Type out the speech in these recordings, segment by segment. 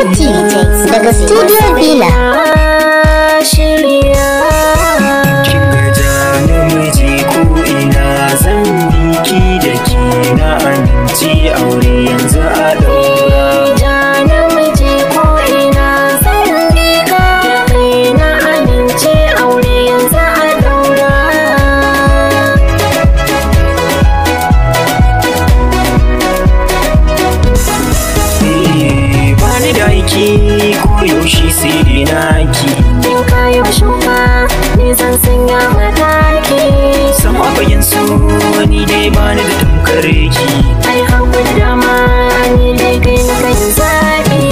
Studio Villa yau shuka ni zan sanya mataki sama bayan yanzu ni dai ba ni da tamkare ki ai hawa dama ni dai kai na kai zaɓi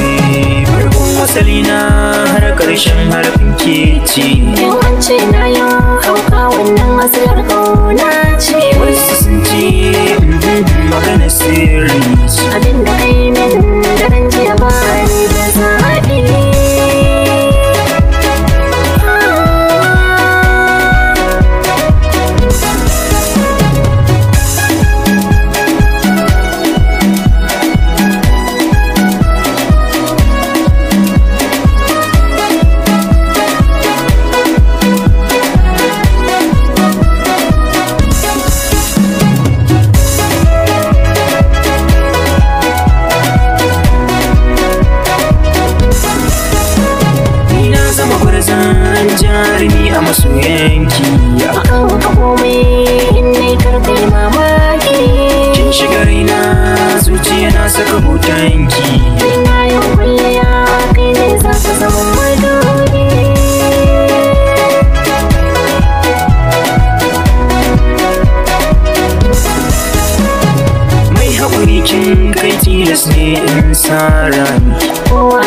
eh, Asali na har ƙarshen harafin ke ce. Yawan ce na yau hauka wannan asalar You. jarumi a masoyanki yanki kan komai in ne karfe mamaki kin shiga raina zuciya na saka hotonki raina yi kulle ya kai ne za ka zama madoni mai haƙuri kin kai tilas ne in sa rami kowa